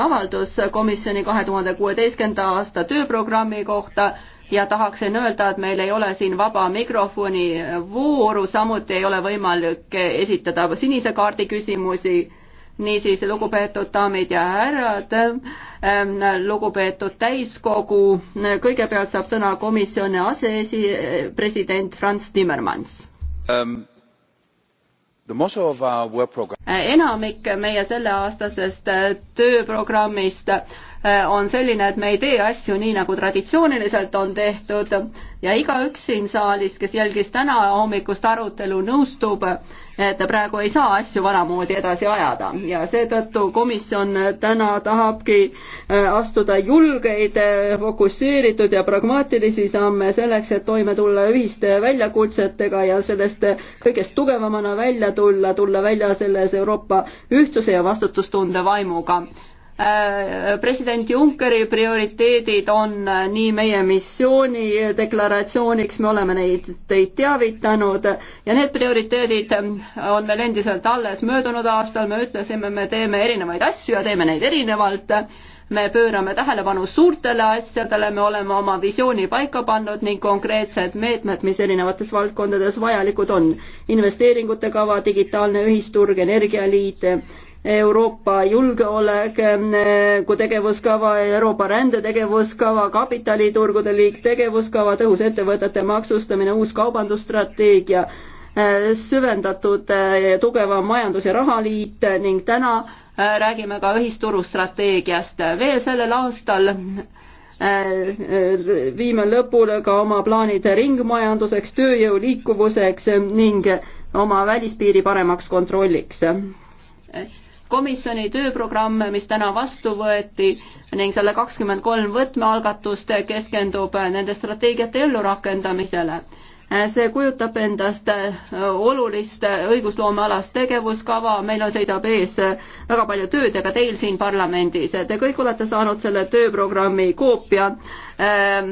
avaldus komisjoni kahe tuhande kuueteistkümnenda aasta tööprogrammi kohta ja tahaksin öelda, et meil ei ole siin vaba mikrofoni vooru, samuti ei ole võimalik esitada sinise kaardi küsimusi. niisiis, lugupeetud daamid ja härrad, ähm, lugupeetud täiskogu, kõigepealt saab sõna komisjoni aseesi-, president Franz Timmermans um Äh, enamik meie selleaastasest äh, tööprogrammist äh, on selline, et me ei tee asju nii, nagu traditsiooniliselt on tehtud ja igaüks siin saalis, kes jälgis täna hommikust arutelu, nõustub, et praegu ei saa asju vanamoodi edasi ajada ja seetõttu komisjon täna tahabki äh, astuda julgeid, äh, fokusseeritud ja pragmaatilisi samme selleks, et toime tulla ühiste väljakutsetega ja sellest äh, kõigest tugevamana välja tulla, tulla välja selles Euroopa ühtsuse ja vastutustunde vaimuga Äh, president Junckeri prioriteedid on äh, nii meie missiooni deklaratsiooniks, me oleme neid, teid teavitanud ja need prioriteedid ähm, on meil endiselt alles. möödunud aastal me ütlesime, me teeme erinevaid asju ja teeme neid erinevalt. me pöörame tähelepanu suurtele asjadele, me oleme oma visiooni paika pannud ning konkreetsed meetmed, mis erinevates valdkondades vajalikud on. investeeringute kava, digitaalne ühisturg, energialiit Euroopa julgeolek, kui ehm, tegevuskava, Euroopa rändetegevuskava, kapitaliturgude liik, tegevuskava, tõhus ettevõtete maksustamine, uus kaubandusstrateegia, ehm, süvendatud ehm, tugevam majandus- ja rahaliit ning täna räägime ka ühisturustrateegiast. veel sellel aastal viime lõpule ka oma plaanid ringmajanduseks, tööjõu liikuvuseks ning oma välispiiri paremaks kontrolliks komisjoni tööprogramm, mis täna vastu võeti ning selle kakskümmend kolm võtmealgatust keskendub nende strateegiate ellurakendamisele Äh, see kujutab endast äh, olulist äh, õigusloomealast tegevuskava, meil on, seisab ees väga palju tööd ja ka teil siin parlamendis, te kõik olete saanud selle tööprogrammi koopia ähm,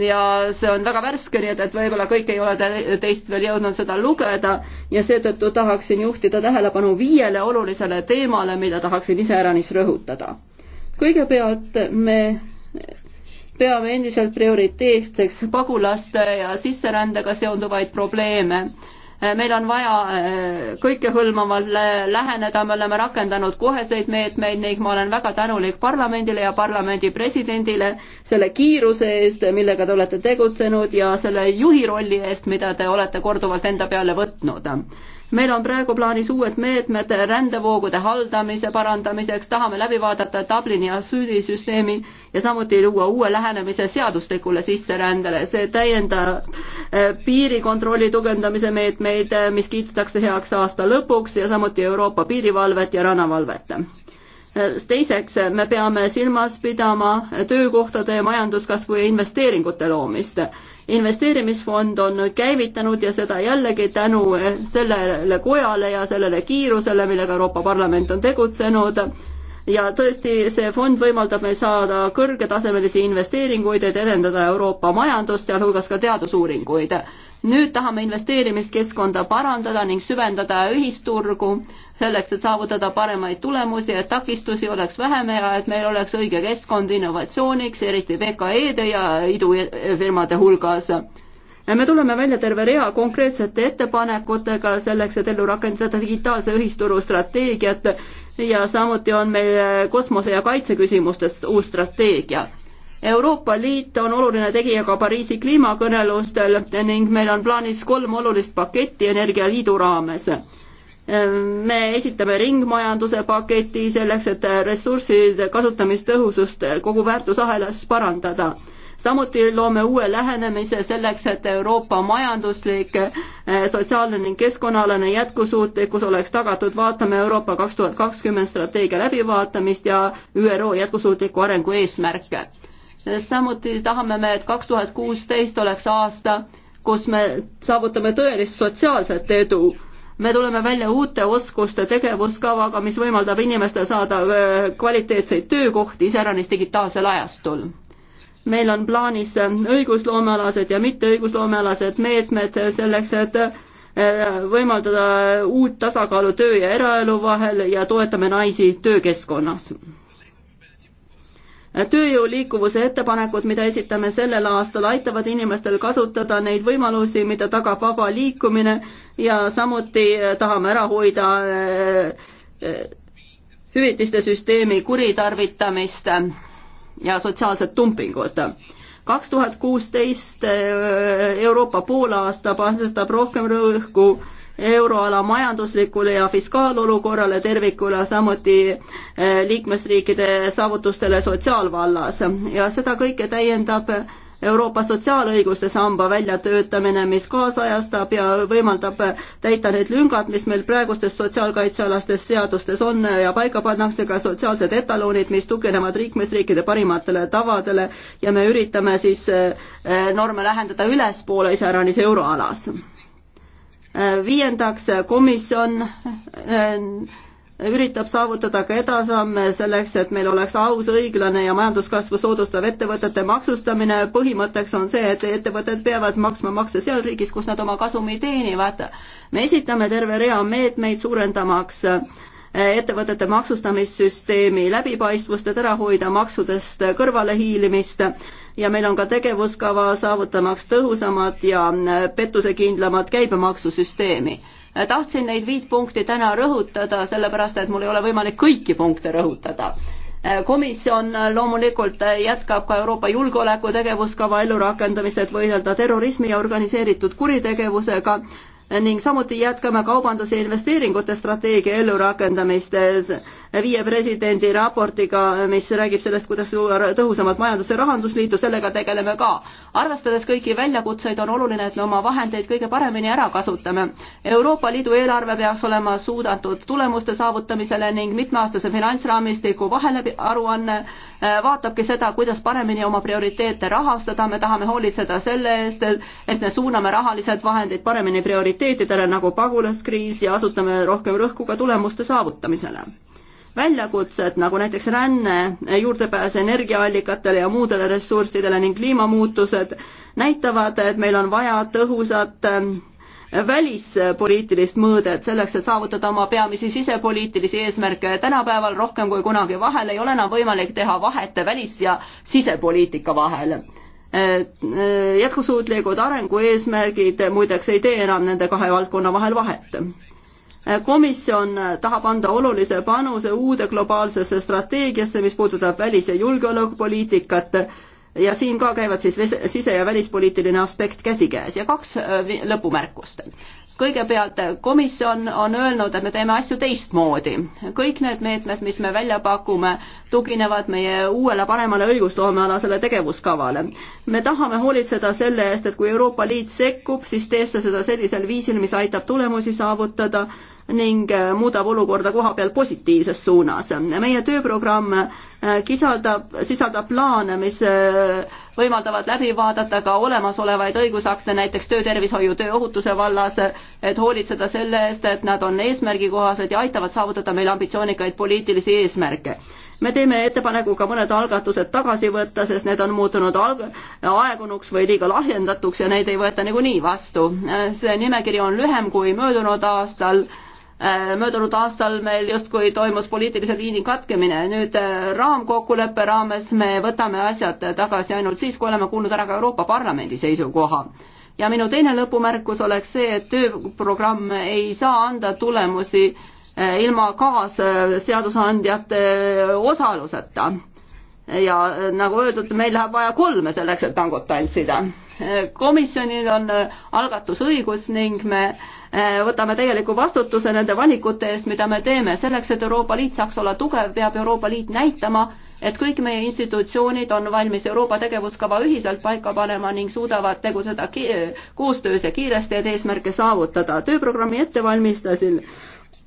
ja see on väga värske, nii et, et võib-olla kõik ei ole teist veel jõudnud seda lugeda ja seetõttu tahaksin juhtida tähelepanu viiele olulisele teemale, mida tahaksin iseäranis rõhutada. kõigepealt me peame endiselt prioriteetseks pagulaste ja sisserändega seonduvaid probleeme meil on vaja eh, kõikehõlmavalt läheneda, me oleme rakendanud koheseid meetmeid ning ma olen väga tänulik parlamendile ja parlamendi presidendile selle kiiruse eest, millega te olete tegutsenud ja selle juhi rolli eest, mida te olete korduvalt enda peale võtnud meil on praegu plaanis uued meetmed rändevoogude haldamise parandamiseks, tahame läbi vaadata Dublini asüülisüsteemi ja samuti luua uue lähenemise seaduslikule sisserändele. see täiendab eh, piirikontrolli tugevdamise meetmeid, eh, mis kiidetakse heaks aasta lõpuks ja samuti Euroopa piirivalvet ja rannavalvet eh, teiseks, me peame silmas pidama töökohtade, majanduskasvu ja investeeringute loomist investeerimisfond on nüüd käivitanud ja seda jällegi tänu eh, sellele kojale ja sellele kiirusele, millega Euroopa Parlament on tegutsenud ja tõesti, see fond võimaldab meil saada kõrgetasemelisi investeeringuid, et edendada Euroopa majandust, sealhulgas ka teadusuuringuid nüüd tahame investeerimiskeskkonda parandada ning süvendada ühisturgu selleks, et saavutada paremaid tulemusi, et takistusi oleks vähem ja et meil oleks õige keskkond innovatsiooniks, eriti VKE-de ja idufirmade hulgas. me tuleme välja terve rea konkreetsete ettepanekutega selleks, et ellu rakendada digitaalse ühisturu strateegiat ja samuti on meil kosmose- ja kaitseküsimustes uus strateegia Euroopa Liit on oluline tegija ka Pariisi kliimakõnelustel ning meil on plaanis kolm olulist paketti Energialiidu raames. me esitame ringmajanduse paketi selleks, et ressursside kasutamistõhusust kogu väärtusahelas parandada samuti loome uue lähenemise selleks, et Euroopa majanduslik, sotsiaalne ning keskkonnaalane jätkusuutlikkus oleks tagatud, vaatame Euroopa kaks tuhat kakskümmend strateegia läbivaatamist ja ÜRO jätkusuutliku arengu eesmärke samuti tahame me, et kaks tuhat kuusteist oleks aasta, kus me saavutame tõelist sotsiaalset edu. me tuleme välja uute oskuste tegevuskavaga, mis võimaldab inimestel saada äh, kvaliteetseid töökohti, iseäranis digitaalsel ajastul meil on plaanis äh, õigusloomealased ja mitteõigusloomealased meetmed selleks, et äh, võimaldada uut tasakaalu töö ja eraelu vahel ja toetame naisi töökeskkonnas tööjõu liikuvuse ettepanekud, mida esitame sellel aastal, aitavad inimestel kasutada neid võimalusi, mida tagab vaba liikumine ja samuti eh, tahame ära hoida eh, eh, hüvitiste süsteemi kuritarvitamist ja sotsiaalset dumpingut kaks tuhat kuusteist Euroopa poolaasta asetab rohkem rõhku euroala majanduslikule ja fiskaalolukorrale tervikule, samuti eh, liikmesriikide saavutustele sotsiaalvallas ja seda kõike täiendab Euroopa sotsiaalõiguste samba väljatöötamine, mis kaasajastab ja võimaldab täita need lüngad, mis meil praegustes sotsiaalkaitsealastes seadustes on ja paika pannakse ka sotsiaalsed etaloonid, mis tugevnevad liikmesriikide parimatele tavadele ja me üritame siis eh, norme lähendada ülespoole iseäranis euroalas viiendaks, komisjon äh, üritab saavutada ka edasamme selleks, et meil oleks aus, õiglane ja majanduskasvu soodustav ettevõtete maksustamine. põhimõtteks on see, et ettevõtted peavad maksma makse seal riigis, kus nad oma kasumi teenivad. me esitame terve rea meetmeid suurendamaks äh, ettevõtete maksustamissüsteemi läbipaistvust, et ära hoida maksudest kõrvalehiilimist ja meil on ka tegevuskava saavutamaks tõhusamat ja äh, pettusekindlamat käibemaksusüsteemi. Äh, tahtsin neid viit punkti täna rõhutada, sellepärast et mul ei ole võimalik kõiki punkte rõhutada äh, komisjon loomulikult jätkab ka Euroopa julgeoleku tegevuskava ellurakendamist, et võidelda terrorismi ja organiseeritud kuritegevusega ning samuti jätkame kaubanduse investeeringute strateegia ellurakendamist viie presidendi raportiga, mis räägib sellest, kuidas luua tõhusamat majandus- ja rahandusliitu, sellega tegeleme ka. arvestades kõiki väljakutseid, on oluline, et me oma vahendeid kõige paremini ära kasutame. Euroopa Liidu eelarve peaks olema suunatud tulemuste saavutamisele ning mitmeaastase finantsraamistiku vaheläbi aruanne äh, vaatabki seda, kuidas paremini oma prioriteete rahastada, me tahame hoolitseda selle eest, et me suuname rahalised vahendid paremini prioriteetidele nagu pagulaskriis ja asutame rohkem rõhku ka tulemuste saavutamisele väljakutsed, nagu näiteks ränne, juurdepääs energiaallikatele ja muudele ressurssidele ning kliimamuutused, näitavad, et meil on vaja tõhusat ähm, välispoliitilist mõõdet selleks, et saavutada oma peamisi sisepoliitilisi eesmärke. tänapäeval rohkem kui kunagi vahel ei ole enam võimalik teha vahet välis- ja sisepoliitika vahel. Äh, äh, jätkusuutlikud arengueesmärgid muideks ei tee enam nende kahe valdkonna vahel vahet komisjon tahab anda olulise panuse uude globaalsesse strateegiasse, mis puudutab välis- ja julgeolekupoliitikat ja siin ka käivad siis sise- ja välispoliitiline aspekt käsikäes ja kaks äh, lõpumärkust. kõigepealt komisjon on öelnud, et me teeme asju teistmoodi. kõik need meetmed, mis me välja pakume, tuginevad meie uuele paremale õigusloomealasele tegevuskavale. me tahame hoolitseda selle eest, et kui Euroopa Liit sekkub, siis teeb see seda sellisel viisil, mis aitab tulemusi saavutada ning äh, muudab olukorda koha peal positiivses suunas. meie tööprogramm äh, kisaldab, sisaldab plaane, mis äh, võimaldavad läbi vaadata ka olemasolevaid õigusakte, näiteks töötervishoiu, tööohutuse vallas, et hoolitseda selle eest, et nad on eesmärgikohased ja aitavad saavutada meil ambitsioonikaid poliitilisi eesmärke me teeme ettepaneku ka mõned algatused tagasi võtta, sest need on muutunud alg-, aegunuks või liiga lahjendatuks ja neid ei võeta niikuinii vastu. see nimekiri on lühem kui möödunud aastal Äh, möödunud aastal meil justkui toimus poliitilise liini katkemine, nüüd äh, raamkokkuleppe raames me võtame asjad tagasi ainult siis, kui oleme kuulnud ära ka Euroopa Parlamendi seisukoha ja minu teine lõpumärkus oleks see, et tööprogramm ei saa anda tulemusi äh, ilma kaasseadusandjate osaluseta. ja nagu öeldud, meil läheb vaja kolme selleks, et tangot tantsida. komisjonil on algatusõigus ning me Eh, võtame täieliku vastutuse nende valikute eest, mida me teeme. selleks, et Euroopa Liit saaks olla tugev, peab Euroopa Liit näitama, et kõik meie institutsioonid on valmis Euroopa tegevuskava ühiselt paika panema ning suudavad tegutseda koostöös ja kiiresti, et eesmärke saavutada. tööprogrammi ette valmistasin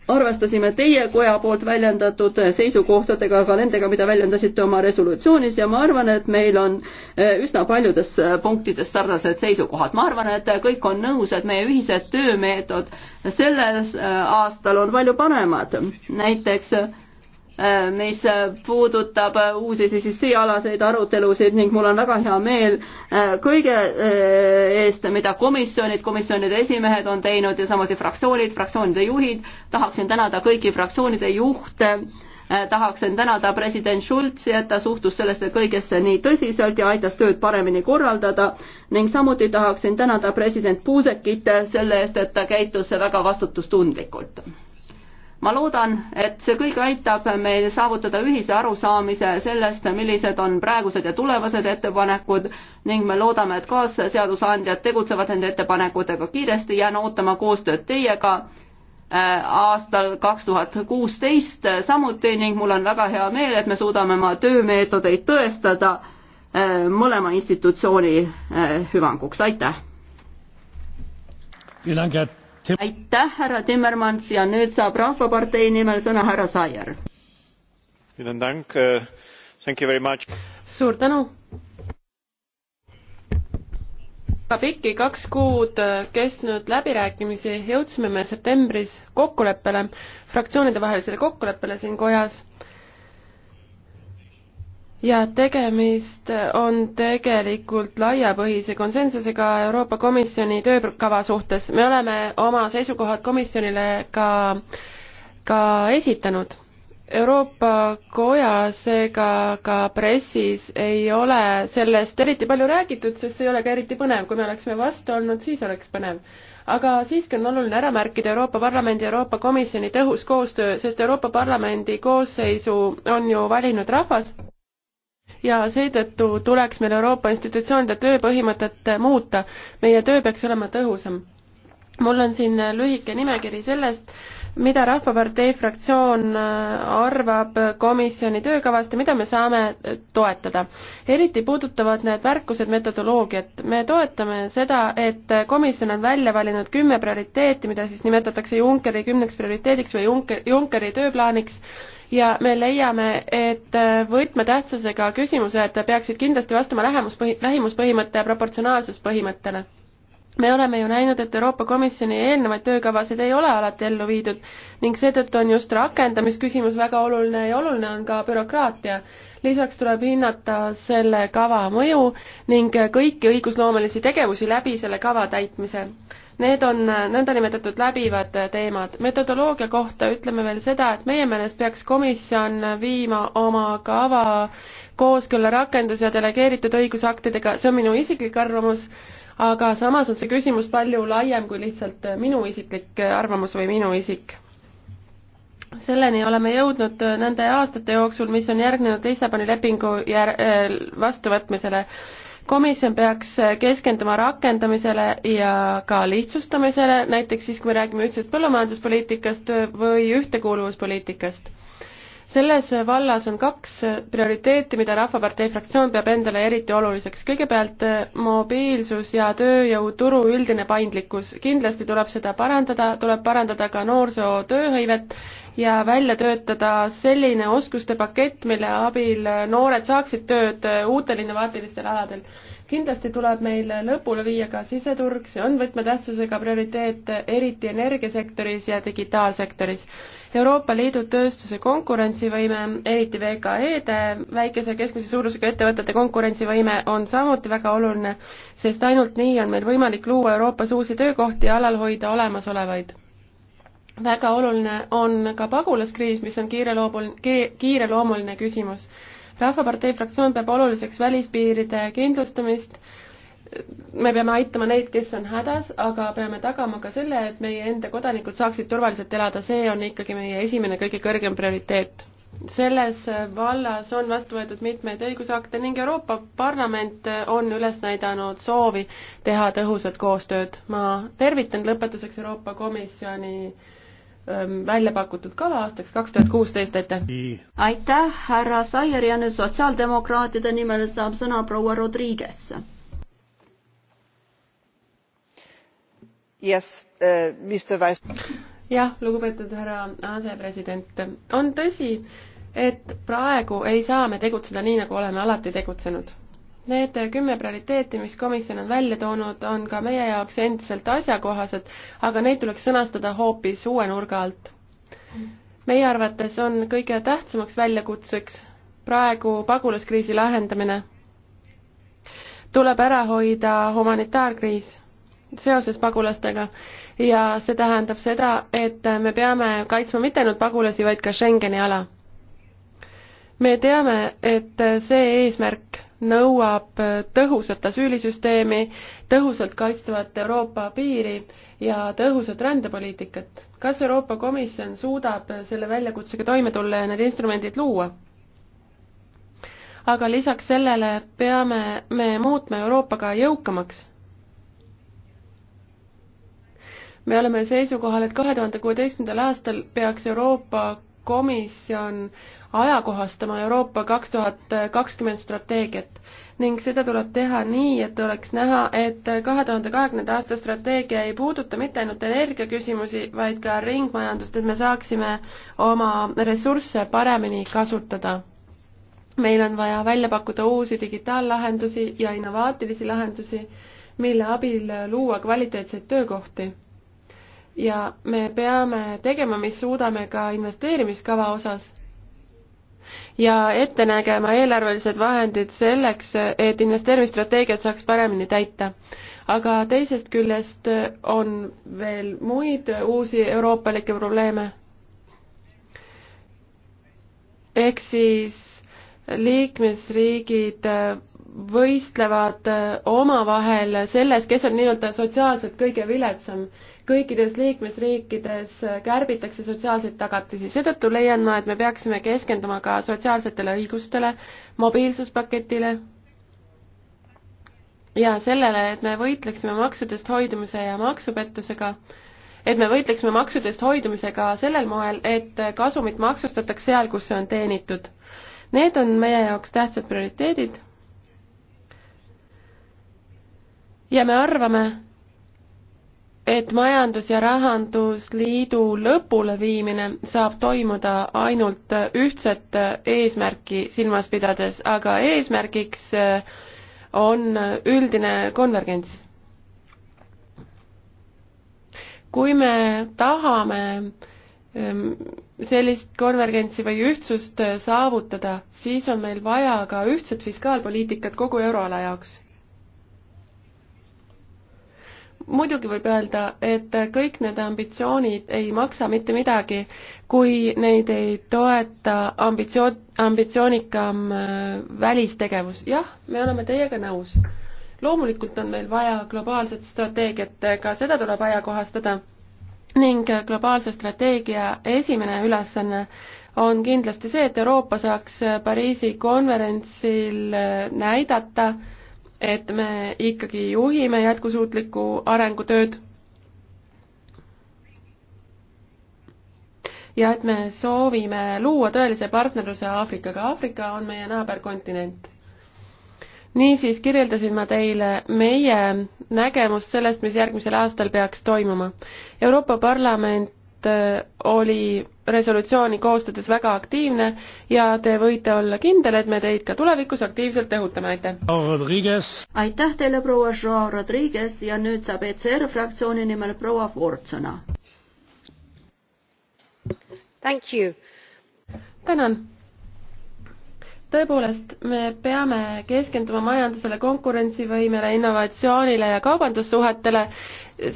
arvestasime teie koja poolt väljendatud seisukohtadega, ka nendega, mida väljendasite oma resolutsioonis ja ma arvan, et meil on eh, üsna paljudes eh, punktides sarnased seisukohad. ma arvan, et eh, kõik on nõus, et meie ühised töömeetod selles aastal on palju paremad. näiteks Äh, mis äh, puudutab äh, uusi CCC-alaseid arutelusid ning mul on väga hea meel kõige eest, mida komisjonid, komisjonide esimehed on teinud ja samuti fraktsioonid, fraktsioonide juhid. tahaksin tänada kõiki fraktsioonide juhte, tahaksin tänada president Schulzi, et ta suhtus sellesse kõigesse nii tõsiselt ja aitas tööd paremini korraldada ning samuti tahaksin tänada president Puusekit selle eest, et ta käitus väga vastutustundlikult ma loodan, et see kõik aitab meil saavutada ühise arusaamise sellest, millised on praegused ja tulevased ettepanekud ning me loodame, et kaasseadusandjad tegutsevad nende ettepanekutega kiiresti, jään ootama koostööd teiega äh, aastal kaks tuhat kuusteist samuti ning mul on väga hea meel, et me suudame oma töömeetodeid tõestada äh, mõlema institutsiooni äh, hüvanguks, aitäh! aitäh, härra Timmermans ja nüüd saab Rahvapartei nimel sõna härra Saier. Äh, suur tänu väga pikki kaks kuud äh, kestnud läbirääkimisi jõudsime me septembris kokkuleppele, fraktsioonide vahelisele kokkuleppele siin kojas ja tegemist on tegelikult laiapõhise konsensusega Euroopa Komisjoni töökava suhtes. me oleme oma seisukohad komisjonile ka, ka esitanud. Euroopa Kojas ega ka pressis ei ole sellest eriti palju räägitud, sest see ei ole ka eriti põnev. kui me oleksime vastu olnud, siis oleks põnev aga siiski on oluline ära märkida Euroopa Parlamendi ja Euroopa Komisjoni tõhus koostöö, sest Euroopa Parlamendi koosseisu on ju valinud rahvas ja seetõttu tuleks meil Euroopa institutsioonide tööpõhimõtet muuta. meie töö peaks olema tõhusam. mul on siin lühike nimekiri sellest, mida Rahvapartei fraktsioon äh, arvab komisjoni töökavast ja mida me saame äh, toetada. eriti puudutavad need märkused metodoloogiat. me toetame seda, et komisjon on välja valinud kümme prioriteeti, mida siis nimetatakse Junckeri kümneks prioriteediks või Juncker, Junckeri tööplaaniks, ja me leiame, et äh, võtmetähtsusega küsimused peaksid kindlasti vastama lähemuspõhi-, lähimuspõhimõtte ja proportsionaalsuspõhimõttele me oleme ju näinud, et Euroopa Komisjoni eelnevaid töökavasid ei ole alati ellu viidud ning seetõttu on just rakendamisküsimus väga oluline ja oluline on ka bürokraatia. lisaks tuleb hinnata selle kava mõju ning kõiki õigusloomelisi tegevusi läbi selle kava täitmise. Need on nõndanimetatud läbivad teemad. metodoloogia kohta ütleme veel seda, et meie meelest peaks komisjon viima oma kava kooskõlla rakendus- ja delegeeritud õigusaktidega, see on minu isiklik arvamus aga samas on see küsimus palju laiem kui lihtsalt äh, minu isiklik äh, arvamus või minu isik. selleni oleme jõudnud äh, nende aastate jooksul, mis on järgnenud Lissaboni lepingu jär-, vastuvõtmisele komisjon peaks keskenduma rakendamisele ja ka lihtsustamisele, näiteks siis, kui me räägime ühtsest põllumajanduspoliitikast või ühtekuuluvuspoliitikast selles vallas on kaks prioriteeti, mida Rahvapartei fraktsioon peab endale eriti oluliseks. kõigepealt eh, mobiilsus ja tööjõuturu üldine paindlikkus. kindlasti tuleb seda parandada, tuleb parandada ka noorsoo tööhõivet ja välja töötada selline oskuste pakett, mille abil noored saaksid tööd eh, uutel innovaatilistel aladel kindlasti tuleb meil lõpule viia ka siseturg, see on võtmetähtsusega prioriteet, eriti energiasektoris ja digitaalsektoris. Euroopa Liidu tööstuse konkurentsivõime, eriti VKE-de, väikese ja keskmise suurusega ettevõtete konkurentsivõime on samuti väga oluline, sest ainult nii on meil võimalik luua Euroopas uusi töökohti ja alal hoida olemasolevaid väga oluline on ka pagulaskriis, mis on kiireloomul-, kiireloomuline küsimus rahvapartei fraktsioon peab oluliseks välispiiride kindlustamist, me peame aitama neid, kes on hädas, aga peame tagama ka selle, et meie enda kodanikud saaksid turvaliselt elada, see on ikkagi meie esimene kõige kõrgem prioriteet. selles vallas on vastu võetud mitmeid õigusakte ning Euroopa Parlament on üles näidanud soovi teha tõhusat koostööd. ma tervitan lõpetuseks Euroopa Komisjoni äh, Ähm, välja pakutud kala aastaks kaks tuhat kuusteist, aitäh! aitäh, härra Saier ja nüüd sotsiaaldemokraatide nimel saab sõna proua Rodriguez. Äh, jah, lugupeetud härra asepresident, on tõsi, et praegu ei saa me tegutseda nii, nagu oleme alati tegutsenud Need kümme prioriteeti, mis komisjon on välja toonud, on ka meie jaoks endiselt asjakohased, aga neid tuleks sõnastada hoopis uue nurga alt. meie arvates on kõige tähtsamaks väljakutseks praegu pagulaskriisi lahendamine. tuleb ära hoida humanitaarkriis seoses pagulastega ja see tähendab seda, et me peame kaitsma mitte ainult pagulasi, vaid ka Schengeni ala. me teame, et see eesmärk nõuab tõhusat asüülisüsteemi, tõhusalt kaitstavat Euroopa piiri ja tõhusat rändepoliitikat. kas Euroopa Komisjon suudab selle väljakutsega toime tulla ja need instrumendid luua? aga lisaks sellele peame me muutma Euroopa ka jõukamaks me oleme seisukohal, et kahe tuhande kuueteistkümnendal aastal peaks Euroopa komisjon ajakohastama Euroopa kaks tuhat kakskümmend strateegiat ning seda tuleb teha nii, et oleks näha, et kahe tuhande kahekümnenda aasta strateegia ei puuduta mitte ainult energiaküsimusi, vaid ka ringmajandust, et me saaksime oma ressursse paremini kasutada. meil on vaja välja pakkuda uusi digitaallahendusi ja innovaatilisi lahendusi, mille abil luua kvaliteetseid töökohti ja me peame tegema, mis suudame ka investeerimiskava osas ja ette nägema eelarvelised vahendid selleks, et investeerimisstrateegiat saaks paremini täita. aga teisest küljest on veel muid uusi euroopalikke probleeme. ehk siis liikmesriigid võistlevad omavahel selles, kes on nii-öelda sotsiaalselt kõige viletsam kõikides liikmesriikides kärbitakse sotsiaalseid tagatisi, seetõttu leian ma, et me peaksime keskenduma ka sotsiaalsetele õigustele, mobiilsuspaketile ja sellele, et me võitleksime maksudest hoidumise ja maksupettusega, et me võitleksime maksudest hoidumisega sellel moel, et kasumit maksustatakse seal, kus see on teenitud. Need on meie jaoks tähtsad prioriteedid ja me arvame, et Majandus- ja Rahandusliidu lõpuleviimine saab toimuda ainult ühtset eesmärki silmas pidades, aga eesmärgiks äh, on üldine konvergents. kui me tahame ähm, sellist konvergentsi või ühtsust äh, saavutada, siis on meil vaja ka ühtset fiskaalpoliitikat kogu euroala jaoks muidugi võib öelda, et kõik need ambitsioonid ei maksa mitte midagi, kui neid ei toeta ambitsioon, ambitsioonikam äh, välistegevus. jah, me oleme teiega nõus. loomulikult on meil vaja globaalset strateegiat, ka seda tuleb ajakohastada ning globaalse strateegia esimene ülesanne on kindlasti see, et Euroopa saaks Pariisi konverentsil äh, näidata, et me ikkagi juhime jätkusuutlikku arengutööd ja et me soovime luua tõelise partnerluse Aafrikaga. Aafrika on meie naaberkontinent. niisiis kirjeldasin ma teile meie nägemust sellest, mis järgmisel aastal peaks toimuma. Euroopa Parlament äh, oli resolutsiooni koostades väga aktiivne ja te võite olla kindel, et me teid ka tulevikus aktiivselt õhutame, aitäh! aitäh teile, proua Joao Rodriguez ja nüüd saab ECR fraktsiooni nimel proua Ford sõna. tänan! tõepoolest, me peame keskenduma majandusele, konkurentsivõimele, innovatsioonile ja kaubandussuhetele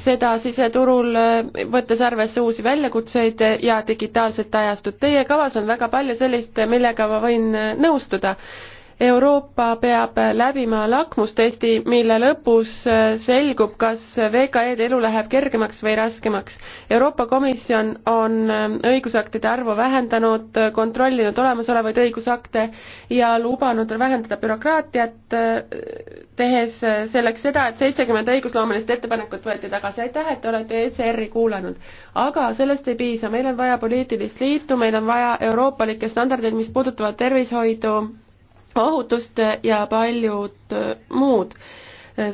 seda siseturul, eh, võttes arvesse uusi väljakutseid eh, ja digitaalset ajastut. Teie kavas on väga palju sellist, millega ma võin eh, nõustuda Euroopa peab läbima lakmustesti, mille lõpus selgub, kas VKE-de elu läheb kergemaks või raskemaks. Euroopa Komisjon on õigusaktide arvu vähendanud, kontrollinud olemasolevaid õigusakte ja lubanud vähendada bürokraatiat, tehes selleks seda, et seitsekümmend õigusloomelist ettepanekut võeti tagasi. aitäh, et te olete ECR-i kuulanud. aga sellest ei piisa, meil on vaja poliitilist liitu, meil on vaja euroopalikke standardeid, mis puudutavad tervishoidu, ohutust ja paljud muud.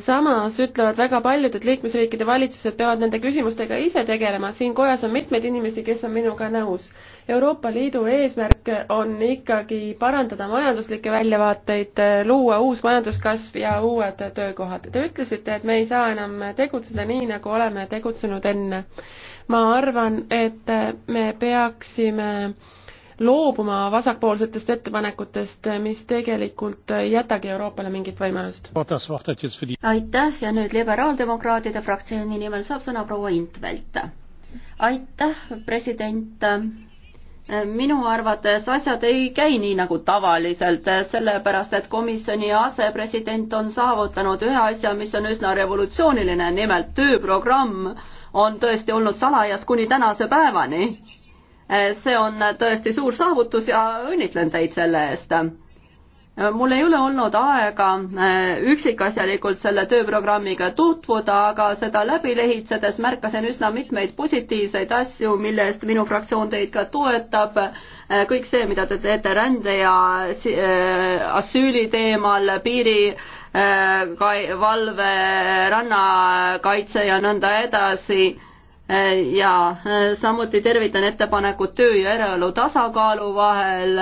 samas ütlevad väga paljud, et liikmesriikide valitsused peavad nende küsimustega ise tegelema, siin kojas on mitmeid inimesi, kes on minuga nõus. Euroopa Liidu eesmärk on ikkagi parandada majanduslikke väljavaateid, luua uus majanduskasv ja uued töökohad. Te ütlesite, et me ei saa enam tegutseda nii, nagu oleme tegutsenud enne. ma arvan, et me peaksime äh, loobuma vasakpoolsetest ettepanekutest, mis tegelikult ei jätagi Euroopale mingit võimalust. aitäh ja nüüd liberaaldemokraatide fraktsiooni nimel saab sõna proua Intvelt. aitäh, president minu arvates asjad ei käi nii nagu tavaliselt, sellepärast et komisjoni asepresident on saavutanud ühe asja, mis on üsna revolutsiooniline, nimelt tööprogramm on tõesti olnud salajas kuni tänase päevani Eh, see on tõesti suur saavutus ja õnnitlen teid selle eest eh, mul ei ole olnud aega eh, üksikasjalikult selle tööprogrammiga tutvuda, aga seda läbi lehitsedes märkasin üsna mitmeid positiivseid asju, mille eest minu fraktsioon teid ka toetab. kõik see, mida te teete rände ja asüüli teemal, piiri valve, rannakaitse ja nõnda edasi ja äh, samuti tervitan ettepanekut töö ja eraelu tasakaalu vahel.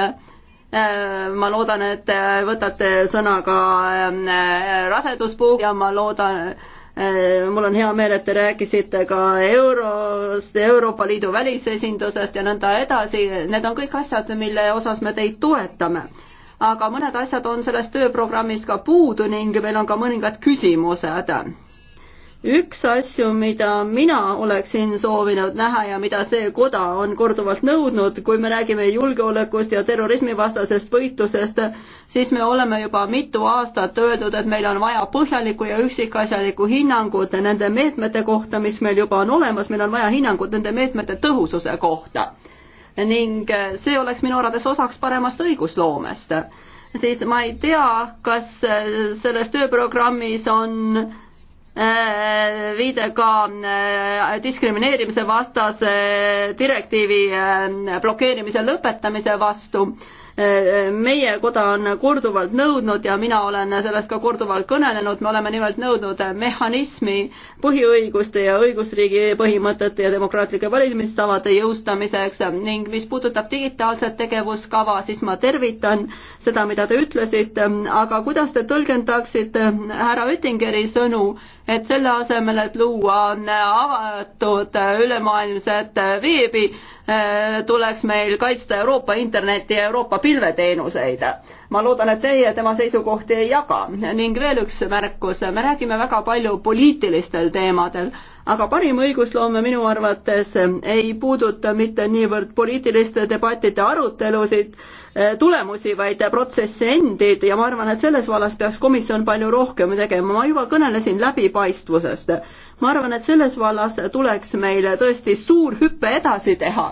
Äh, ma loodan, et te võtate sõna ka äh, raseduspuhk ja ma loodan, mul on hea meel, et te rääkisite ka eurost, Euroopa Liidu välisesindusest ja nõnda edasi, need on kõik asjad, mille osas me teid toetame. aga mõned asjad on sellest tööprogrammist ka puudu ning meil on ka mõningad küsimused üks asju, mida mina oleksin soovinud näha ja mida see koda on korduvalt nõudnud, kui me räägime julgeolekust ja terrorismivastasest võitlusest, siis me oleme juba mitu aastat öeldud, et meil on vaja põhjalikku ja üksikasjalikku hinnangut nende meetmete kohta, mis meil juba on olemas, meil on vaja hinnangut nende meetmete tõhususe kohta. ning see oleks minu arvates osaks paremast õigusloomest. siis ma ei tea, kas selles tööprogrammis on Äh, viide ka äh, diskrimineerimise vastase äh, direktiivi blokeerimise lõpetamise vastu. meie koda on korduvalt nõudnud ja mina olen sellest ka korduvalt kõnelenud, me oleme nimelt nõudnud mehhanismi põhiõiguste ja õigusriigi põhimõtete ja demokraatlike valimistavade jõustamiseks ning mis puudutab digitaalset tegevuskava, siis ma tervitan seda, mida te ütlesite, aga kuidas te tõlgendaksite härra Oettingeri sõnu, et selle asemel, et luua avatud ülemaailmset veebi, tuleks meil kaitsta Euroopa Internetti ja Euroopa pilveteenuseid. ma loodan, et teie tema seisukohti ei jaga ning veel üks märkus, me räägime väga palju poliitilistel teemadel aga parim õigusloome minu arvates ei puuduta mitte niivõrd poliitiliste debattide arutelusid, eh, tulemusi, vaid protsessi endid ja ma arvan, et selles vallas peaks komisjon palju rohkem tegema, ma juba kõnelesin läbipaistvusest. ma arvan, et selles vallas tuleks meil tõesti suur hüpe edasi teha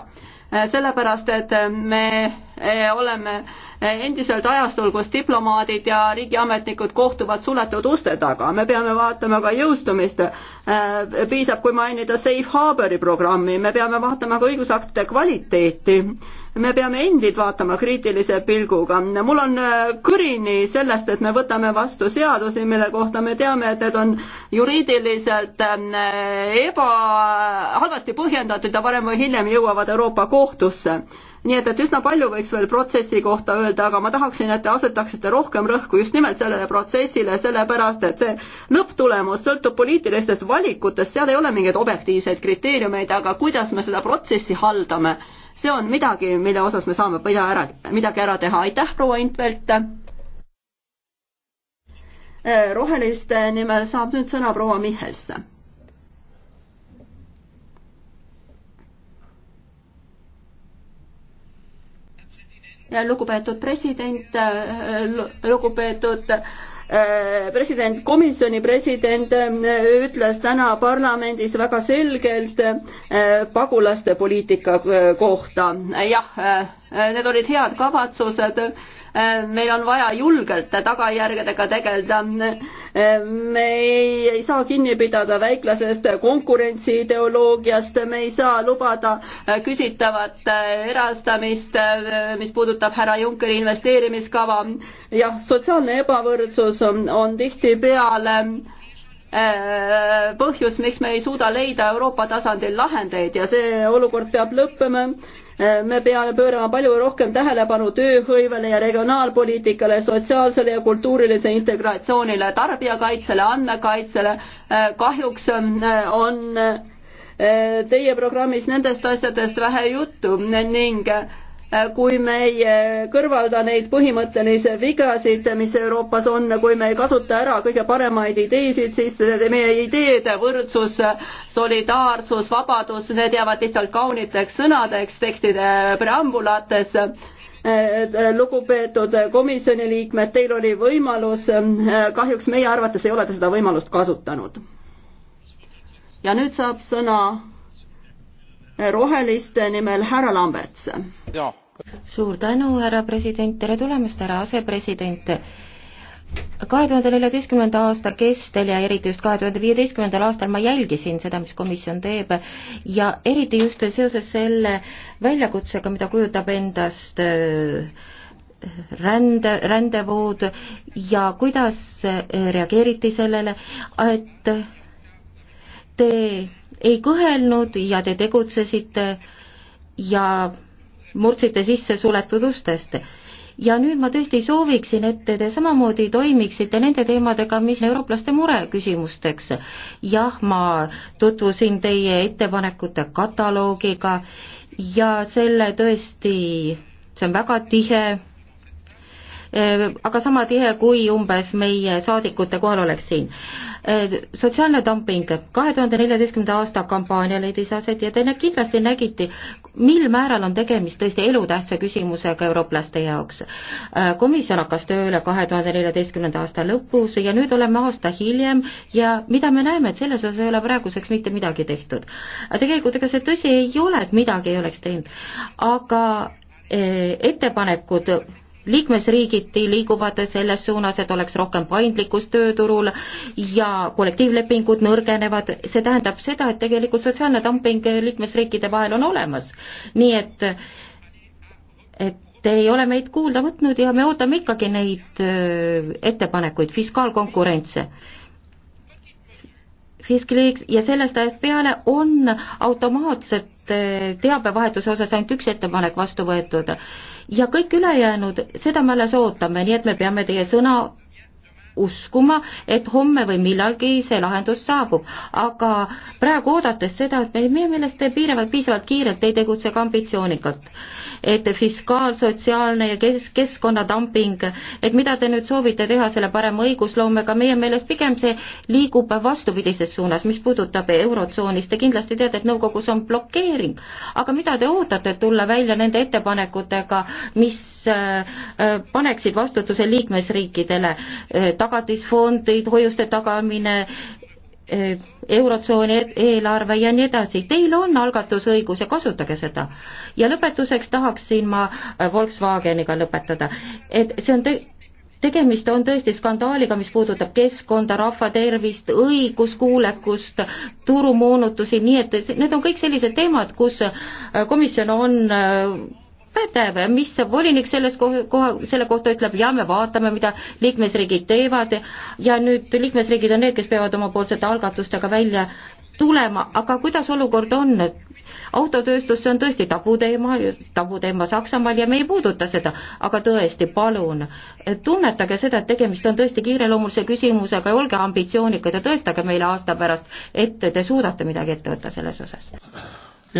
Äh, sellepärast et äh, me äh, oleme endiselt ajastul, kus diplomaadid ja riigiametnikud kohtuvad suletud uste taga. me peame vaatama ka jõustumist. piisab, kui mainida Safe Harbori programmi, me peame vaatama ka õigusaktide kvaliteeti me peame endid vaatama kriitilise pilguga. mul on äh, kõrini sellest, et me võtame vastu seadusi, mille kohta me teame, et need on juriidiliselt äh, eba, halvasti põhjendatud ja varem või hiljem jõuavad Euroopa kohtusse. nii et, et üsna palju võiks veel protsessi kohta öelda, aga ma tahaksin, et te asetaksite rohkem rõhku just nimelt sellele protsessile, sellepärast et see lõpptulemus sõltub poliitilistest valikutest, seal ei ole mingeid objektiivseid kriteeriumeid, aga kuidas me seda protsessi haldame see on midagi, mille osas me saame mida ära, midagi ära teha, aitäh, proua Intvelt. Äh, roheliste nimel saab nüüd sõna proua Michals. lugupeetud president, äh, äh, lugupeetud Äh, president, komisjoni president äh, ütles täna parlamendis väga selgelt äh, pagulaste poliitika kohta. jah, need olid head kavatsused Äh, meil on vaja julgelt tagajärgedega tegeleda. Äh, me ei, ei saa kinni pidada väiklasest konkurentsiideoloogiast, me ei saa lubada äh, küsitavat erastamist, mis puudutab härra Junckeri investeerimiskava. jah, sotsiaalne ebavõrdsus on, on tihtipeale põhjus, miks me ei suuda leida Euroopa tasandil lahendeid ja see olukord peab lõppema Eh, me peame pöörama palju rohkem tähelepanu tööhõivele ja regionaalpoliitikale, sotsiaalsele ja kultuurilise integratsioonile, tarbijakaitsele, andmekaitsele. Eh, kahjuks eh, on teie programmis nendest asjadest vähe juttu ning Äh, kui me ei äh, kõrvalda neid põhimõttelisi vigasid, mis Euroopas on, kui me ei kasuta ära kõige paremaid ideesid, siis äh, meie ideed, võrdsus, solidaarsus, vabadus, need jäävad lihtsalt kauniteks sõnadeks tekstide preambulates lugupeetud komisjoni liikmed, teil oli võimalus, kahjuks meie arvates ei ole te seda võimalust kasutanud. ja nüüd saab sõna roheliste nimel härra Lamberts. jaa suur tänu, härra president, tere tulemast, härra asepresident. kahe tuhande neljateistkümnenda aasta kestel ja eriti just kahe tuhande viieteistkümnendal aastal ma jälgisin seda, mis komisjon teeb ja eriti just seoses selle väljakutsega, mida kujutab endast äh, rände, rändevood ja kuidas äh, reageeriti sellele, et te ei kõhelnud ja te tegutsesite ja murdsite sisse suletud ustest ja nüüd ma tõesti sooviksin, et te samamoodi toimiksite nende teemadega, mis eurooplaste mureküsimusteks. jah, ma tutvusin teie ettepanekute kataloogiga ja selle tõesti, see on väga tihe Äh, aga sama tihe kui umbes meie saadikute kohalolek siin. Äh, sotsiaalne dumping, kahe tuhande neljateistkümnenda aasta kampaania leidis aset ja te kindlasti nägite, mil määral on tegemist tõesti elutähtsa küsimusega eurooplaste jaoks. Äh, komisjon hakkas tööle kahe tuhande neljateistkümnenda aasta lõpus ja nüüd oleme aasta hiljem ja mida me näeme, et selles osas ei ole praeguseks mitte midagi tehtud. tegelikult ega see tõsi ei ole, et midagi ei oleks teinud, aga ettepanekud liikmesriigiti liiguvad selles suunas, et oleks rohkem paindlikkust tööturul ja kollektiivlepingud nõrgenevad, see tähendab seda, et tegelikult sotsiaalne dumping liikmesriikide vahel on olemas. nii et, et te ei ole meid kuulda võtnud ja me ootame ikkagi neid äh, ettepanekuid, fiskaalkonkurentse fiskaliiks ja sellest ajast peale on automaatset äh, teabevahetuse osas ainult üks ettepanek vastu võetud ja kõik ülejäänud, seda me alles ootame, nii et me peame teie sõna uskuma, et homme või millalgi see lahendus saabub. aga praegu oodates seda, et me minu meelest piiravad piisavalt kiirelt, ei tegutse ka ambitsioonikalt. et fiskaal, sotsiaalne ja kes-, keskkonnadumping, et mida te nüüd soovite teha selle parema õigusloomega, meie meelest pigem see liigub vastupidises suunas, mis puudutab Eurotsoonis, te kindlasti teate, et nõukogus on blokeering. aga mida te ootate, tulla välja nende ettepanekutega, mis äh, äh, paneksid vastutuse liikmesriikidele äh, tagatisfondid, hoiuste tagamine, e, eurotsooni e-, eelarve ja nii edasi. Teil on algatusõigus ja kasutage seda. ja lõpetuseks tahaksin ma Volkswageniga lõpetada, et see on te-, tegemist on tõesti skandaaliga, mis puudutab keskkonda, rahva tervist, õiguskuulekust, turumoonutusi, nii et need on kõik sellised teemad, kus e, komisjon on pädev, mis volinik selles koha, koha, selle kohta ütleb, ja me vaatame, mida liikmesriigid teevad ja nüüd liikmesriigid on need, kes peavad omapoolsete algatustega välja tulema, aga kuidas olukord on, autotööstus, see on tõesti tabuteema, tabuteema Saksamaal ja me ei puuduta seda, aga tõesti, palun, tunnetage seda, et tegemist on tõesti kiireloomulise küsimusega ja olge ambitsioonikad ja tõestage meile aasta pärast, et te suudate midagi ette võtta selles osas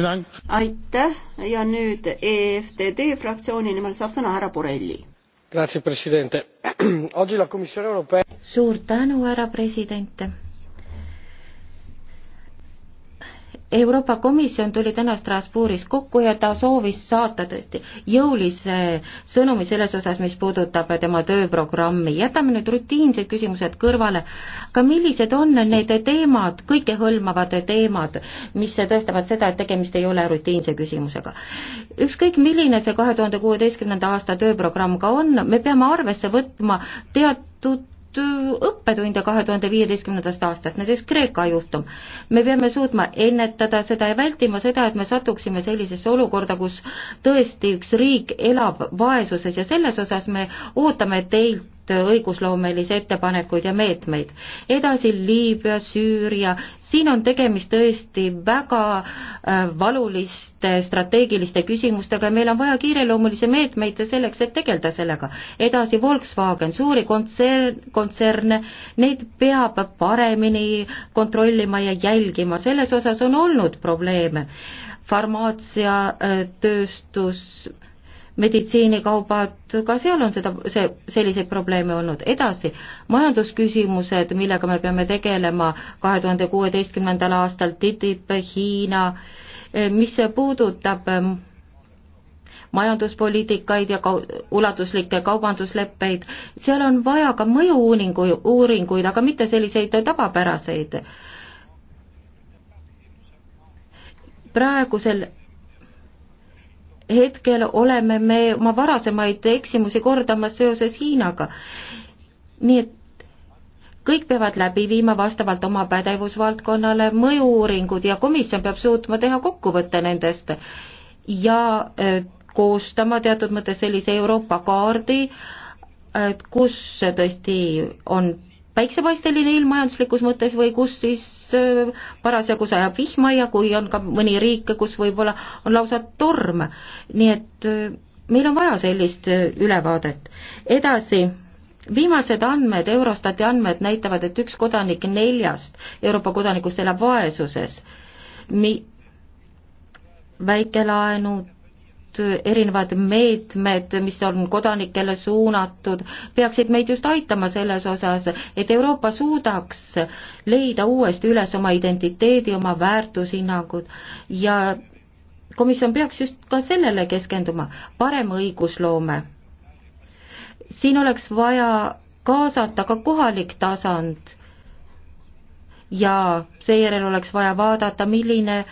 aitäh ja nüüd EFTD fraktsiooni nimel saab sõna härra Borrelli. suur tänu, härra president Euroopa Komisjon tuli täna Strasbourgis kokku ja ta soovis saata tõesti jõulise sõnumi selles osas, mis puudutab tema tööprogrammi. jätame nüüd rutiinsed küsimused kõrvale, aga millised on need teemad, kõikehõlmavad teemad, mis tõestavad seda, et tegemist ei ole rutiinse küsimusega? ükskõik, milline see kahe tuhande kuueteistkümnenda aasta tööprogramm ka on, me peame arvesse võtma teatud saanud õppetunde kahe tuhande viieteistkümnendast aastast, näiteks Kreeka juhtum. me peame suutma ennetada seda ja vältima seda, et me satuksime sellisesse olukorda, kus tõesti üks riik elab vaesuses ja selles osas me ootame teilt et õigusloomelisi ettepanekuid ja meetmeid. edasi Liibüa, Süüria, siin on tegemist tõesti väga äh, valuliste strateegiliste küsimustega ja meil on vaja kiireloomulisi meetmeid selleks, et tegeleda sellega. edasi Volkswagen, suuri kontsern, kontserne, neid peab paremini kontrollima ja jälgima, selles osas on olnud probleeme farmaatsiatööstus äh, meditsiinikaubad, ka seal on seda, see, selliseid probleeme olnud. edasi, majandusküsimused, millega me peame tegelema kahe tuhande kuueteistkümnendal aastal, TTIP, Hiina, mis puudutab ähm, majanduspoliitikaid ja kau-, ulatuslikke kaubandusleppeid, seal on vaja ka mõju-uuringu, uuringuid, aga mitte selliseid tavapäraseid. praegusel hetkel oleme me oma varasemaid eksimusi kordamas seoses Hiinaga. nii et kõik peavad läbi viima vastavalt oma pädevusvaldkonnale mõju-uuringud ja komisjon peab suutma teha kokkuvõtte nendest ja äh, koostama teatud mõttes sellise Euroopa kaardi, äh, kus tõesti on päiksepaisteline ilm majanduslikus mõttes või kus siis äh, parasjagu sajab vihma ja kui on ka mõni riik, kus võib-olla on lausa torm. nii et äh, meil on vaja sellist äh, ülevaadet. edasi, viimased andmed, Eurostati andmed näitavad, et üks kodanik neljast Euroopa kodanikust elab vaesuses. Mi-, väikelaenud erinevad meetmed, mis on kodanikele suunatud, peaksid meid just aitama selles osas, et Euroopa suudaks leida uuesti üles oma identiteedi, oma väärtushinnangud ja komisjon peaks just ka sellele keskenduma, parem õigusloome. siin oleks vaja kaasata ka kohalik tasand ja seejärel oleks vaja vaadata, milline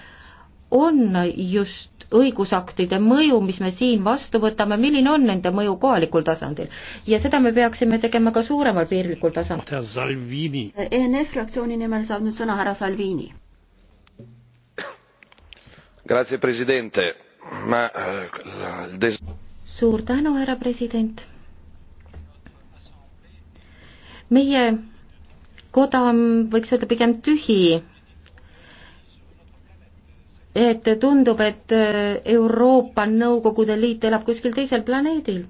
on just õigusaktide mõju, mis me siin vastu võtame, milline on nende mõju kohalikul tasandil. ja seda me peaksime tegema ka suuremal piirlikul tasandil. ENF fraktsiooni nimel saab nüüd sõna härra Salvini. Ma... Eh, suur tänu, härra president. meie koda on, võiks öelda, pigem tühi et tundub, et äh, Euroopa Nõukogude Liit elab kuskil teisel planeedil.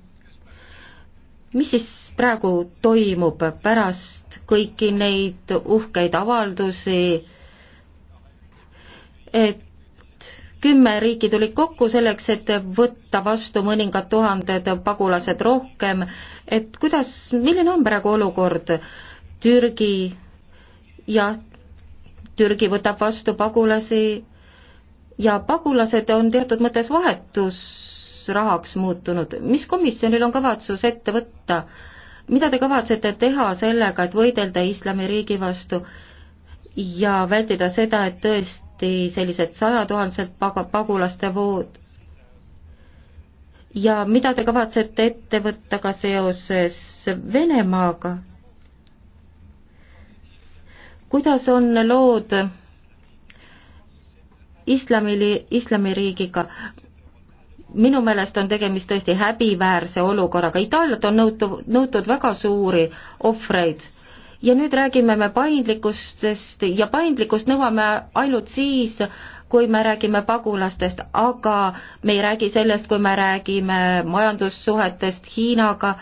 mis siis praegu toimub pärast kõiki neid uhkeid avaldusi, et kümme riiki tulid kokku selleks, et võtta vastu mõningad tuhanded pagulased rohkem, et kuidas, milline on praegu olukord Türgi, jah, Türgi võtab vastu pagulasi ja pagulased on teatud mõttes vahetusrahaks muutunud. mis komisjonil on kavatsus ette võtta, mida te kavatsete teha sellega, et võidelda islamiriigi vastu ja vältida seda, et tõesti sellised sajatuhandsed paga-, pagulaste vood ja mida te kavatsete ette võtta ka seoses Venemaaga? kuidas on lood islamili, islamiriigiga. minu meelest on tegemist tõesti häbiväärse olukorraga, Itaaliat on nõutu, nõutud väga suuri ohvreid ja nüüd räägime me paindlikkustest ja paindlikkust nõuame ainult siis, kui me räägime pagulastest, aga me ei räägi sellest, kui me räägime majandussuhetest Hiinaga,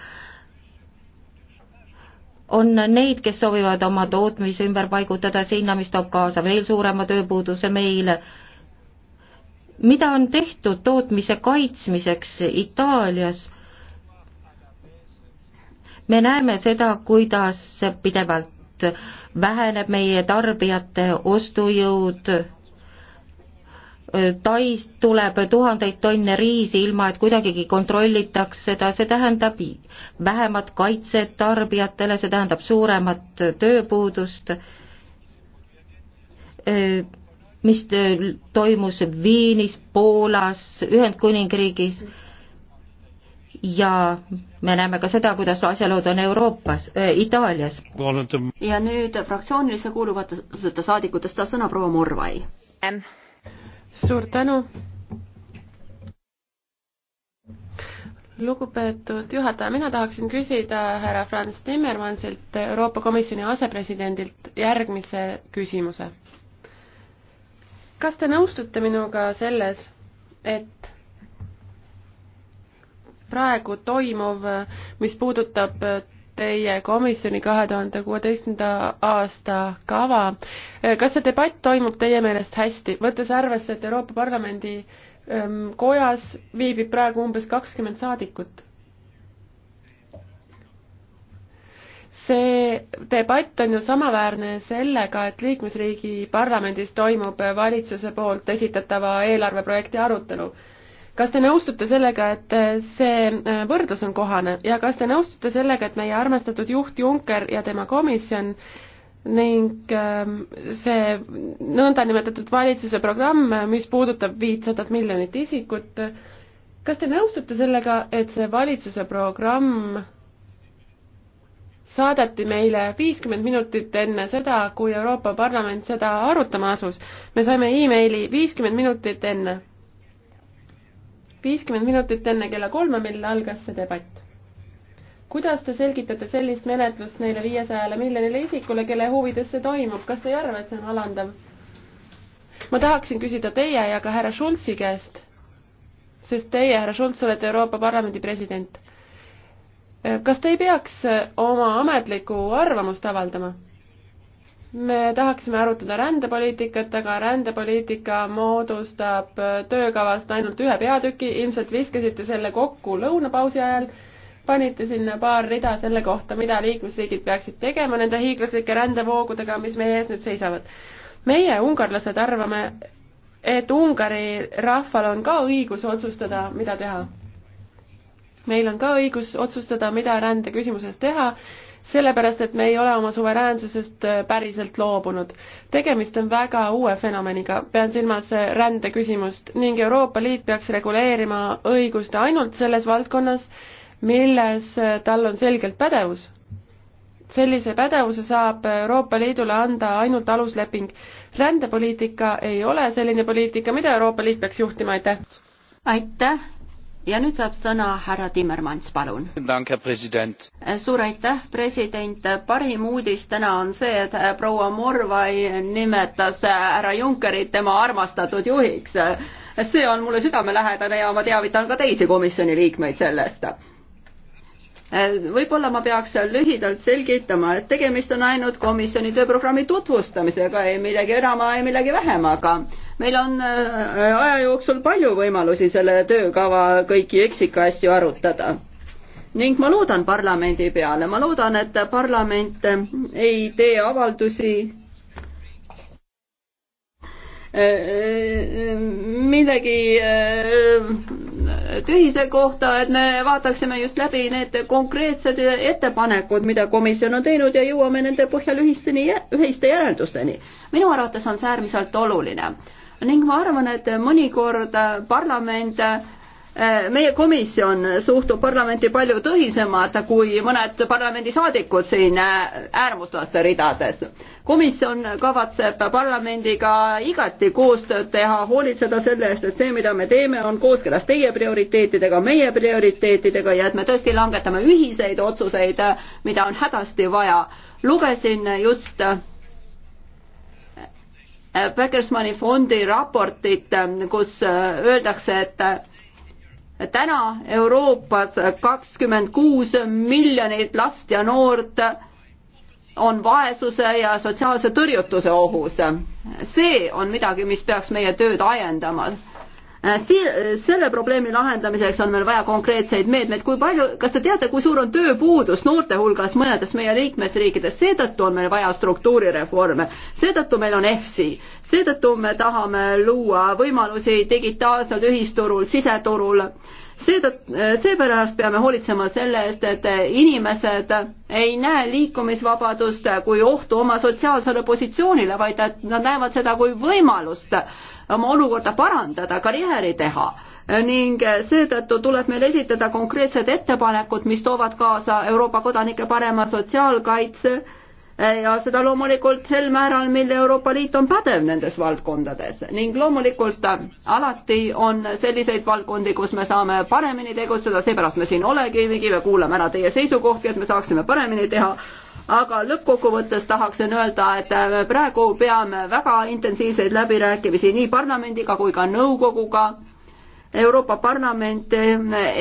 on neid, kes soovivad oma tootmise ümber paigutada sinna, mis toob kaasa veel suurema tööpuuduse meile mida on tehtud tootmise kaitsmiseks Itaalias? me näeme seda, kuidas pidevalt väheneb meie tarbijate ostujõud, Tais tuleb tuhandeid tonne riisi, ilma et kuidagigi kontrollitaks seda, see tähendab vähemat kaitset tarbijatele, see tähendab suuremat tööpuudust mis toimus Viinis, Poolas, Ühendkuningriigis ja me näeme ka seda, kuidas asjalood on Euroopas äh,, Itaalias. ja nüüd fraktsioonilise kuuluvatest saadikutest saab sõna proua Morvai. suur tänu. lugupeetud juhataja, mina tahaksin küsida härra Franz Timmermansilt, Euroopa Komisjoni asepresidendilt järgmise küsimuse kas te nõustute minuga selles, et praegu toimuv, mis puudutab teie komisjoni kahe tuhande kuueteistkümnenda aasta kava, kas see debatt toimub teie meelest hästi, võttes arvesse, et Euroopa Parlamendi ähm, kojas viibib praegu umbes kakskümmend saadikut see debatt on ju samaväärne sellega, et liikmesriigi parlamendis toimub valitsuse poolt esitatava eelarveprojekti arutelu. kas te nõustute sellega, et see äh, võrdlus on kohane ja kas te nõustute sellega, et meie armastatud juht Juncker ja tema komisjon ning ähm, see nõndanimetatud valitsuse programm, mis puudutab viitsadat miljonit isikut, kas te nõustute sellega, et see valitsuse programm saadeti meile viiskümmend minutit enne seda, kui Euroopa Parlament seda arutama asus. me saime emaili viiskümmend minutit enne. viiskümmend minutit enne kella kolme, mil algas see debatt. kuidas te selgitate sellist menetlust neile viiesajale miljonile isikule, kelle huvides see toimub, kas te ei arva, et see on alandav? ma tahaksin küsida teie ja ka härra Schulzi käest, sest teie, härra Schulz, olete Euroopa Parlamendi president kas te ei peaks äh, oma ametlikku arvamust avaldama? me tahaksime arutada rändepoliitikat, aga rändepoliitika moodustab äh, töökavast ainult ühe peatüki, ilmselt viskasite selle kokku lõunapausi ajal, panite sinna paar rida selle kohta, mida liikmesriigid peaksid tegema nende hiiglaslike rändevoogudega, mis meie ees nüüd seisavad. meie, ungarlased, arvame, et Ungari rahval on ka õigus otsustada, mida teha meil on ka õigus otsustada, mida rändeküsimuses teha, sellepärast et me ei ole oma suveräänsusest äh, päriselt loobunud. tegemist on väga uue fenomeniga, pean silmas äh, rändeküsimust ning Euroopa Liit peaks reguleerima õigust ainult selles valdkonnas, milles äh, tal on selgelt pädevus. sellise pädevuse saab Euroopa Liidule anda ainult alusleping. rändepoliitika ei ole selline poliitika, mida Euroopa Liit peaks juhtima, aitäh! aitäh! ja nüüd saab sõna härra Timmermans, palun. Äh, suur aitäh, president. parim uudis täna on see, et äh, proua Morvai nimetas äh, härra Junckerit tema armastatud juhiks. see on mulle südamelähedane ja ma teavitan ka teisi komisjoni liikmeid sellest võib-olla ma peaks lühidalt selgitama, et tegemist on ainult komisjoni tööprogrammi tutvustamisega, ei millegi enama, ei millegi vähemaga meil on äh, aja jooksul palju võimalusi selle töökava kõiki eksikasju arutada ning ma loodan parlamendi peale, ma loodan, et parlament äh, ei tee avaldusi äh, millegi tühise kohta, et me vaataksime just läbi need konkreetsed ettepanekud, mida komisjon on teinud ja jõuame nende põhjal ühisteni, ühiste järeldusteni. minu arvates on see äärmiselt oluline ning ma arvan, et mõnikord parlament eh, meie komisjon suhtub parlamenti palju tõsisemalt kui mõned parlamendisaadikud siin eh, äärmuslaste ridades. komisjon kavatseb parlamendiga igati koostööd teha, hoolitseda selle eest, et see, mida me teeme, on kooskõlas teie prioriteetidega, meie prioriteetidega ja et me tõesti langetame ühiseid otsuseid, mida on hädasti vaja. lugesin just Beckersmanni fondi raportit, kus äh, öeldakse, et äh, täna Euroopas kakskümmend kuus miljonit last ja noort on vaesuse ja sotsiaalse tõrjutuse ohus. see on midagi, mis peaks meie tööd ajendama Äh, see, selle probleemi lahendamiseks on meil vaja konkreetseid meetmeid, kui palju, kas te teate, kui suur on tööpuudus noorte hulgas mõnedes meie liikmesriikides, seetõttu on meil vaja struktuurireforme, seetõttu meil on EFSI, seetõttu me tahame luua võimalusi digitaalsel ühisturul, siseturul seetõttu, äh, seepärast peame hoolitsema selle eest, et äh, inimesed ei näe liikumisvabadust kui ohtu oma sotsiaalsele positsioonile, vaid et nad näevad seda kui võimalust oma olukorda parandada, karjääri teha ning äh, seetõttu tuleb meil esitada konkreetsed ettepanekud, mis toovad kaasa Euroopa kodanike parema sotsiaalkaitse Äh, ja seda loomulikult sel määral, mille Euroopa Liit on pädev nendes valdkondades ning loomulikult äh, alati on selliseid valdkondi, kus me saame paremini tegutseda, seepärast me siin olemegi, me kuulame ära teie seisukohti, et me saaksime paremini teha aga lõppkokkuvõttes tahaksin öelda, et äh, praegu peame väga intensiivseid läbirääkimisi nii parlamendiga kui ka nõukoguga Euroopa Parlament eh,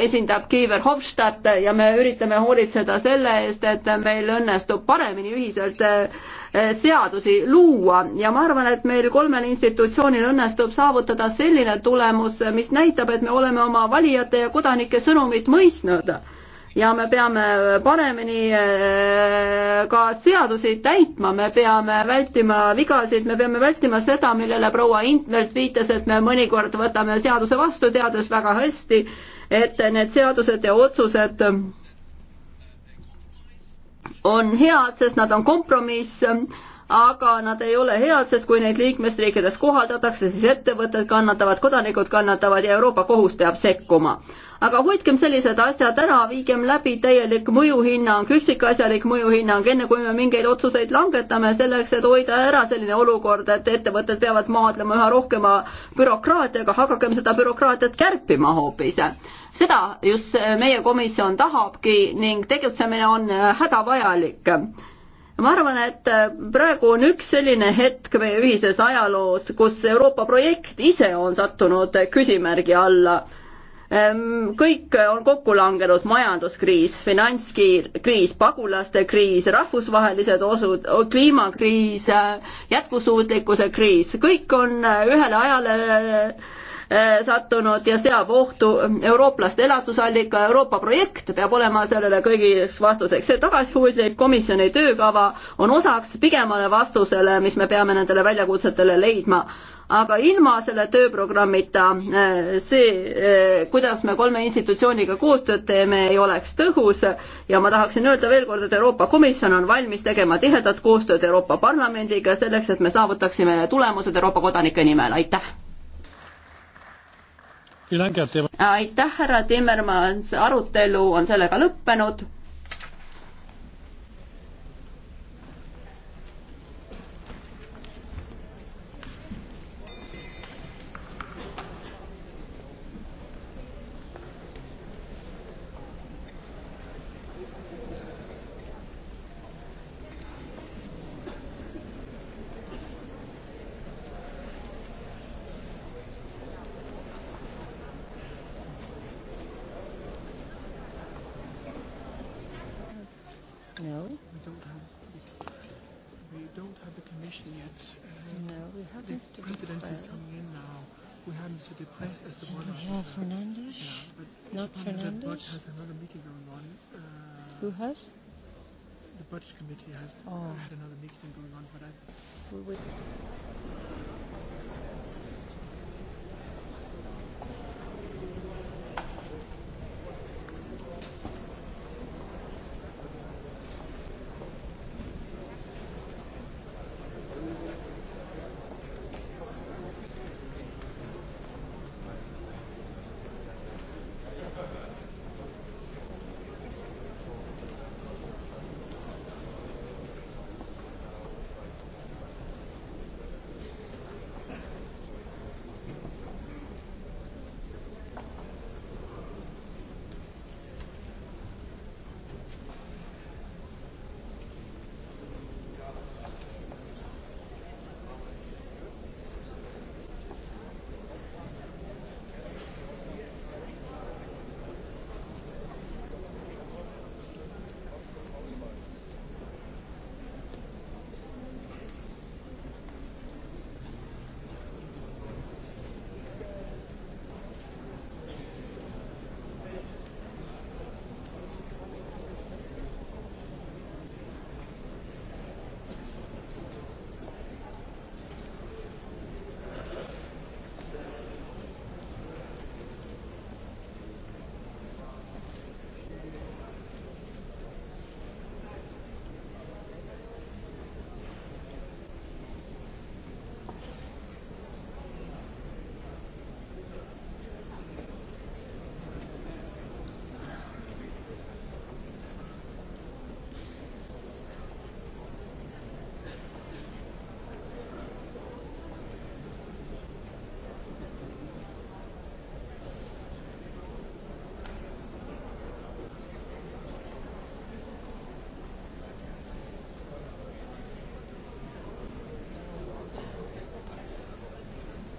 esindab Kiiver Hofstadt ja me üritame hoolitseda selle eest, et meil õnnestub paremini ühiselt eh, seadusi luua ja ma arvan, et meil kolmel institutsioonil õnnestub saavutada selline tulemus, mis näitab, et me oleme oma valijate ja kodanike sõnumit mõistnud ja me peame paremini äh, ka seadusi täitma, me peame vältima vigasid, me peame vältima seda, millele proua Intvelt viitas, et me mõnikord võtame seaduse vastu, teades väga hästi, et need seadused ja otsused on head, sest nad on kompromiss, aga nad ei ole head, sest kui neid liikmesriikides kohaldatakse, siis ettevõtted kannatavad, kodanikud kannatavad ja Euroopa Kohus peab sekkuma aga hoidkem sellised asjad ära, viigem läbi täielik mõjuhinnang, üksikasjalik mõjuhinnang, enne kui me mingeid otsuseid langetame, selleks et hoida ära selline olukord, et ettevõtted peavad maadlema üha rohkema bürokraatiaga, hakakem seda bürokraatiat kärpima hoopis. seda just meie komisjon tahabki ning tegutsemine on hädavajalik ma arvan, et praegu on üks selline hetk meie ühises ajaloos, kus Euroopa projekt ise on sattunud küsimärgi alla Ehm, kõik on kokku langenud, majanduskriis, finantskriis, pagulaste kriis, rahvusvahelised osud, kliimakriis, jätkusuutlikkuse kriis, kõik on ühele ajale ehm, sattunud ja seab ohtu eurooplaste elatusallika Euroopa projekt peab olema sellele kõigiks vastuseks. see tagasihoidlik komisjoni töökava on osaks pigemale vastusele, mis me peame nendele väljakutsetele leidma aga ilma selle tööprogrammita äh, see, äh, kuidas me kolme institutsiooniga koostööd teeme, ei oleks tõhus ja ma tahaksin öelda veel kord, et Euroopa Komisjon on valmis tegema tihedat koostööd Euroopa Parlamendiga selleks, et me saavutaksime tulemused Euroopa kodanike nimel, aitäh! aitäh, härra Timmermann, see arutelu on sellega lõppenud No. We don't have. We don't have the commission yet. Uh, no, we have the Mr. president Deprez. is coming in now. We have Mr. Deprez as the one. We have Fernandes. Yeah, but not Fernandes. The budget has another meeting going on. Uh, Who has? The budget committee has oh. had another meeting going on, but I. We would.